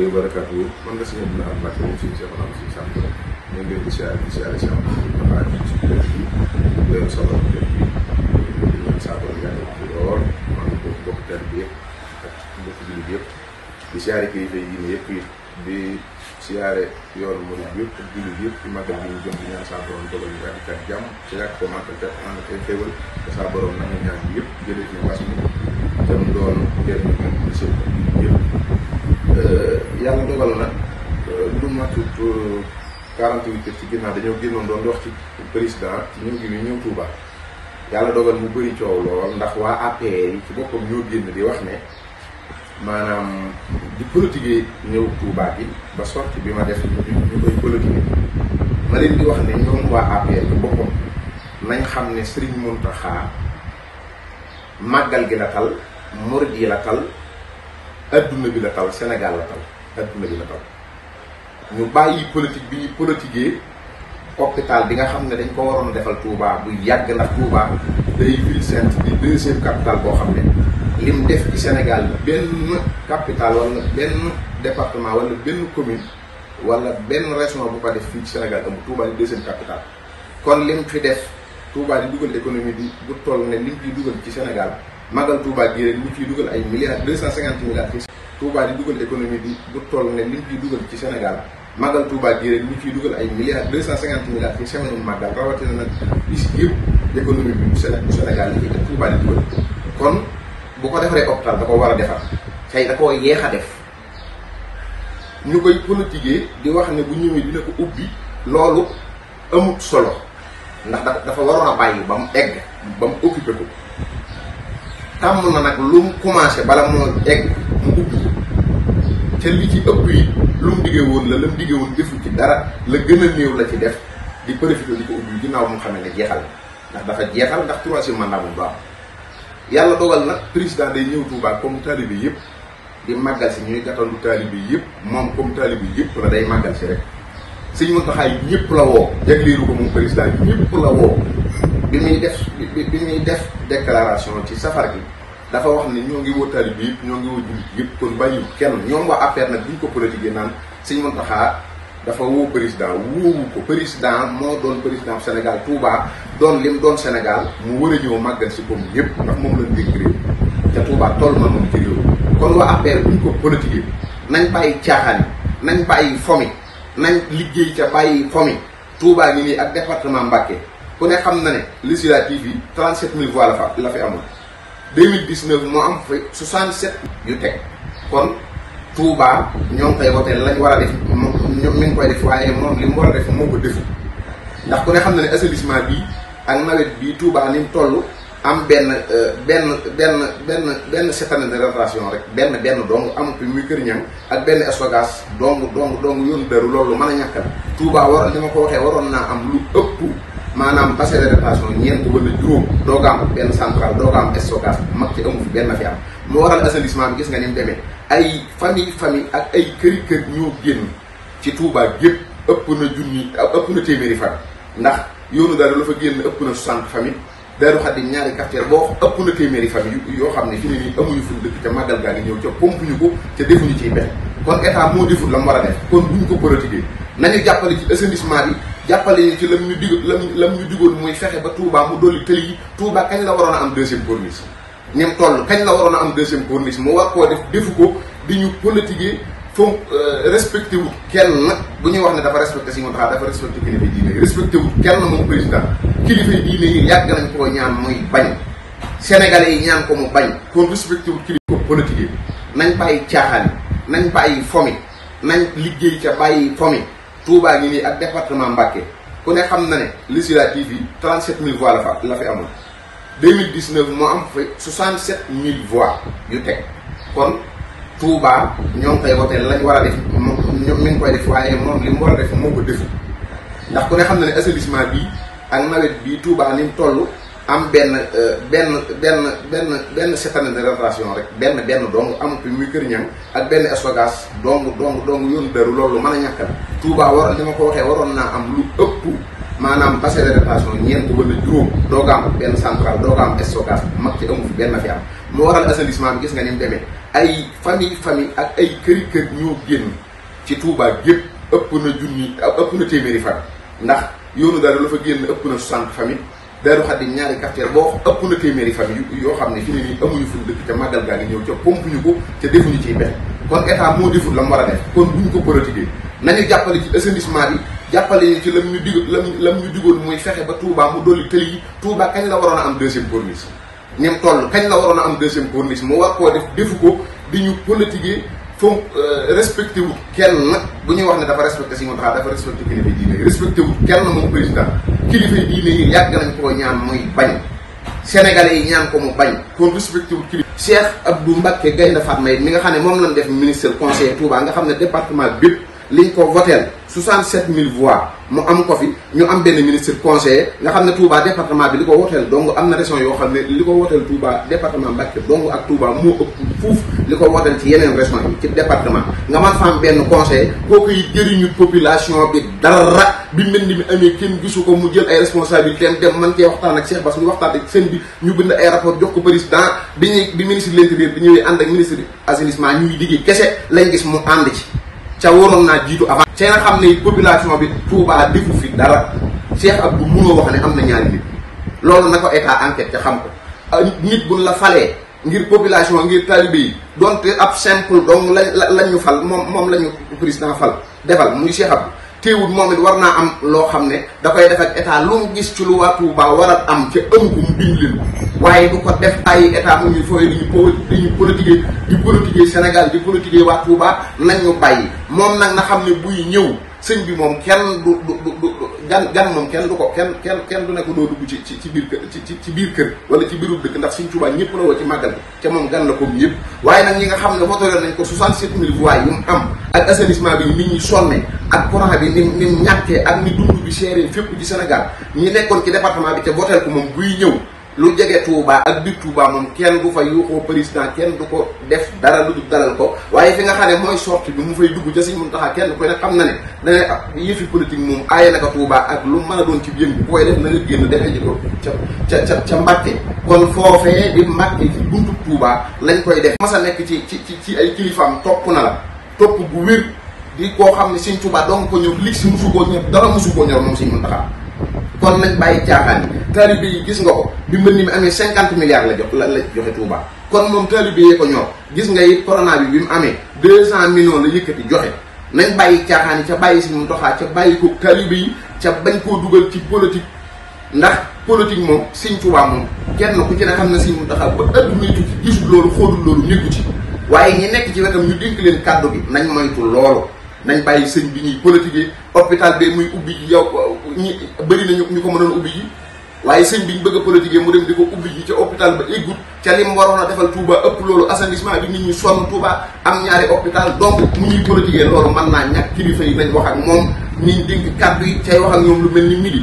rahmatullahi wa barakatuhu man nga sëñ Abdoulaye Mbacke moom suñu Cheikh Olam suñu sant ñu ngi siyaare siyaare Cheikh Olam suñu Mbacke ci suñu bi yëpp ak mbokk siyaare kilifa yi ne yëpp it siyaare yoon murid yëpp ak bi ñaan saa borom dogal ñu ànd ak jàmm ñaan bi yëpp Euh, yàlla dogal na euh, lu matut 48 euh, heures ci ginnaaw dañoo génnoon doon wax ci président ci ñëw gi bi ñëw Touba yàlla dogal mu bëri coow lool ndax waa APR yi ci boppam ñoo génn di wax ne maanaam di politique ñëw Touba bi ba sorti bi ma def ñu koy politique ma leen di wax ne ñoom waa APR ci boppam nañ xam ne Serigne Mountakha màggal gi la tal murid yi la tal adduna bi la tal Sénégal la tal adduna bi la tal ñu bàyyi politique bi ñu politiquee hôpital bi nga xam ne dañ ko waroon a defal Touba bu yàgg ndax Touba day ville sainte di deuxième capitale boo xam ne lim def ci Sénégal benn capitale wala benn département wala benn commune wala benn région bu ko def fii ci Sénégal amul Touba di deuxième capitale kon lim fi def Touba di dugal économie bi bu toll ne lim fi dugal ci Sénégal magal Touba gi rek li fiy dugal ay milliards deux cent cinquante milliards fii Touba di dugal économie bi bu toll ne liñ fiy dugal ci Sénégal magal Touba gi rek li dugal ay milliards deux cent cinquante milliards fii semaine magal rawatina nag is yëpp économie bi bu Sénégal li fi Touba di dugal kon bu ko defaree hôpital da ko war a defar xëy da ko yeex a def ñu koy politiquer di wax ne bu ñëwee dina ko ubbi loolu amut solo ndax dafa waroon a bàyyi ba mu egg ba mu occupé tàmm na nag lu mu commencé bala moo egg mu ubbi ca li ci ëpp yi lu mu diggee woon la la mu diggee woon defu ci dara la gën a néew la ci def di profité di ko ubbi ginnaaw mu xam ne jeexal ndax dafa jeexal ndax troisième mandat bu baax yàlla dogal nag président day ñëw Touba comme taalibe yëpp di màggal si ñuy gàttandu taalibe yëpp moom comme taalibe yëpp la day màggal si rek sëñ Mountakha ñëpp la woo jagleeru ko moom président ñëpp la woo bi muy def bi muy def déclaration ci safar gi dafa wax ne ñoo ngi woo taalib bi yëpp ñoo ngi woo jullit yëpp kon bàyyiwul kenn ñoom waa affaire nag buñ ko politiqué naan sëñ Mountakha dafa woo président woowu ko moo doon président Sénégal Touba doon lim doon Sénégal mu war a ñëw màggal si comme yëpp ndax moom lañ dégg réew te Touba toll na moom ci réew kon waa affaire buñ nañ bàyyi caaxaan yi nañ bàyyi fomi nañ liggéey ca bàyyi fomi Touba ngi nii ak département Mbacké ku ne xam na ne législative yi 37000 voix la fa la fi amul 2019 moo am fa 67 yu teg kon Touba ñoom ngi koy woteel lañ war a def moom ñoom mi moom li mu war a def moo ko defu ndax ku ne xam na ne assainissement bii ak nawet bii Touba ni mu toll am benn euh, benn benn benn benn septennat de rétention rek benn benn dong amatu muy Kër Ñang ak benn stockage dong dong dong yoonu daru loolu mën a ñàkkal Touba war li ma ko waxee waroon naa am lu ëpp. maanaam bassin de rétention ñeent wala juróom doo benn central doo ko am stockage mag ci amu fi benn fi am moo waral assainissement bi gis nga ni mu ay famille famille ak ay këri kër ñoo génn ci Touba gépp ëpp na junni ëpp na téeméeri fan ndax yoonu daal la fa génn ëpp na 60 famille Daaru Xaddim ñaari quartier boo ëpp na téeméeri famille yoo xam ne fi ne nii amuñu fu dëkk ca màggal gaa ngi ñëw ca pompe ko ca defuñu ciy benn kon état moo deful la mu war a def kon buñ ko politiquer nañu jàppale ci assainissement bi jàppale ñu ci lam ñu dig lam lam ñu digoon muy fexe ba Touba mu dolli tëli yi Touba kañ la waroon a am deuxième corniche ni mu toll kañ la waroon a am deuxième corniche mu war koo def defu ko di ñu politiquer foo euh, respecté wut kenn bu ñuy wax ne dafa respecté si montaxaa dafa respecté kilifa diine yi respecté wut kenn moom président kilifa diine yi yàgg nañ koo ñaan muy bañ sénégalais yi ñaan ko mu bañ kon respecté wut kilifa politique yi nañ bàyyi caaxaan nañ bàyyi fomi nañ liggéey ca bàyyi fomi Touba ngi nii ak département Mbacké ku ne xam na ne législative yi 37000 voix la fa la fi amoon 2019 moo am fa 67000 voix yu teg kon Touba ñoo ngi koy wote lañ war a def moom ñoom mi ngi koy def waaye moom li mu war a def moo ko defu ndax ku ne xam na ne assainissement bii ak nawet bii Touba ni mu am euh, benn benn benn benn benn setaine de rétention rek benn benn dong amatul muy kër ñam ak benn estogas dong dong dong yoonu dëru loolu mën a ñàkk la waroon li ma ko waxee waroon naa am lu ëpp maanaam bassin de rétention ñeent wala juróom doo ko am benn central doo ko am stockage mag ci amu fi benn fi am moo waral assainissement gis nga ni mu demee ay famille famille ak ay këri kër ñoo génn ci Touba gépp ëpp na junni ëpp na téeméeri fan ndax yoonu dara lu fa génn ëpp na 60 famille Daaru Xaddim ñaari quartier boo ëpp na téeméeri famille yoo xam ne fi ne nii amuñu fuñ dëkk ca màggal gaa ngi ñëw ca pompuñu ko ca defuñu ciy benn kon état moo deful la mu war a def kon buñ ko politiquer nañu jàppale ci assainissement bi jàppale ñu ci lam ñu dig la lam ñu digoon muy fexe ba Touba mu dolli tëli yi Touba kañ la waroon a am deuxième corniche ñem toll kañ la waroon a am deuxième corniche mu war koo def defu ko di ñu politiquer fon euh, respecté wut nag bu ñuy wax ne dafa respecté si Mountakha dafa respecté kilifa diine yi respecté wut kenn moom président kilifa diine yi yàgg nañ koo ñaan muy bañ sénégalais yi ñaan ko mu bañ kon respecté wut kilifa Cheikh Abdou Mbacké Gaïndé Fatma mi nga xam ne moom lañ def ministre conseiller Touba nga xam ne département bépp liñ ko voteel 67000 voix mu am ko fi ñu am benn ministre conseiller nga xam ne Touba département bi li ko woteel dong am na région yoo xam ne li ko woteel Touba département Mbacké dong ak Touba moo ëpp fuuf li ko woteel ci yeneen région yi ci département nga man fa am benn conseiller kooku yi jëriñu population bi dara bi mel ni mi amee kenn gisu ko mu jël ay responsabilité am dem man cee waxtaan ak Cheikh Bass ñu waxtaan ak seen bi ñu bind ay rapport ministre bi ñëwee ànd ak ministre assainissement ñuy liggéey kese ca waroon naa jiitu avant. tey nag xam ne population bi Touba defu fi dara Cheikh Abdou munoo wax ne am na ñaari nit loolu na ko état enquête ca xam ko ah, nit buñ la falee ngir population ngir talibé yi donte ab simple dong la la ñu fal moom moom la ñu président fal defal muy Cheikh teewul moom it war naa am loo xam ne da koy def ak état lu mu gis ci lu waa Touba war a am ca ëmb mu bind waaye du ko def ay état mu ngi fooy di ñu di ñu politiquer di politiquer Sénégal di politiquer waa Touba nañ ñu bàyyi moom nag na xam ne buy ñëw sëñ bi moom kenn du du du gan gan moom kenn du ko kenn kenn kenn du ne doo dugg ci ci ci biir kër ci ci biir kër wala ci biirub dëkk ndax sëñ Touba ñëpp la woo ci màggal bi ca moom gan la ko yëpp waaye nag ñi nga xam ne voté nañ ko 67000 voix yu mu ak assainissement bi nit ñi sonne ak courant bi ni ni ñàkkee ak ni dund bi seeree fépp ci Sénégal ñi nekkoon ci département bi ca votel ko moom buy ñëw lu jege Touba ak biir Touba moom kenn du fa yuuxoo président kenn du ko def dara lu ko waaye fi nga xam ne mooy sorti bi mu fay dugg ca Sëñ Muntaxa kenn ku ne na ne dane ah yëfi politique moom aaye naka Touba ak lu mën a doon ci yëngu bu koy def na nga génn defee ji ko ca ca ca ca Mbàkke kon foofee di Mbàkke ci buntu Touba lañ koy def mas a nekk ci ci ci ay kilifaam topp na la topp gu wér di koo xam ne sëñ Tuubaa dong ko ñëw lig si musu koo ñëw dara musu koo ñor moom sëñ Muntaxa kon nañ bàyyi caaxaan yi taalibe yi gis nga ko bi mbënn mi amee cinquante milliards la jox la la joxe Touba kon moom taalibe yee ko ñor gis nga it corona bi bi mu amee deux cent millions la yëkkati joxe nañ bàyyi caaxaan ca bàyyi si mu doxaa ca bàyyi ko taalibe yi ca bañ koo dugal ci politique ndax politique moom sëñ Tuubaa moom kenn ku ci ne xam na sëñ Muntaxa ba ëpp muy tukki gisul loolu xoolul loolu nekku ci waaye ñi nekk ci wetam ñu dénk leen kàddu bi nañ moytu loolu nañ bàyyi sëñ bi ñuy politique hôpital bi muy ubbi ji yow ñi bëri nañu ñu ko mën mënoon ubbi ji waaye sëñ bi ñu bëgg a mu dem di ko ubbi ji ca hôpital ba éggut ca li mu waroon a defal Touba ëpp loolu assainissement bi nit ñi sonn Touba am ñaari hôpital donc mu ñuy politique loolu mën naa ñàkk kilifa yi nañ wax ak moom niñ dénk kàddu yi cay wax ak ñoom lu mel ni midi